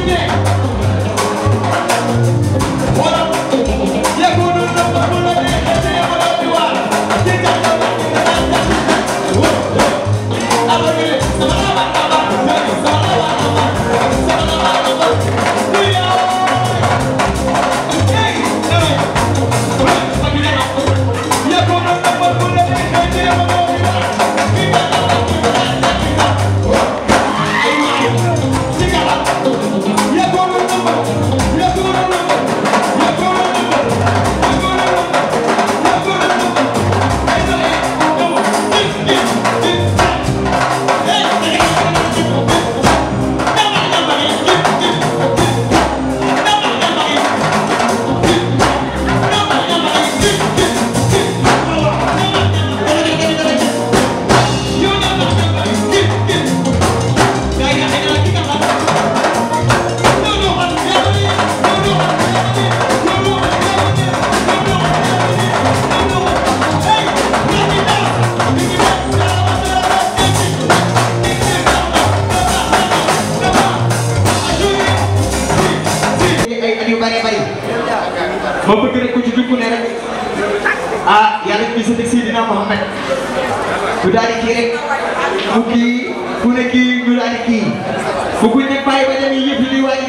进去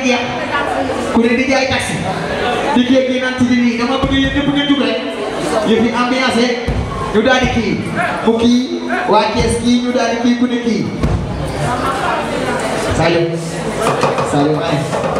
day jeex ku ne jaay taxi di kii ak naan ci biir nii dama bëgg ngeen jug rek yëf yi ambiance ñu daal di kii mu kii waa Thiès kii ñu daal di kii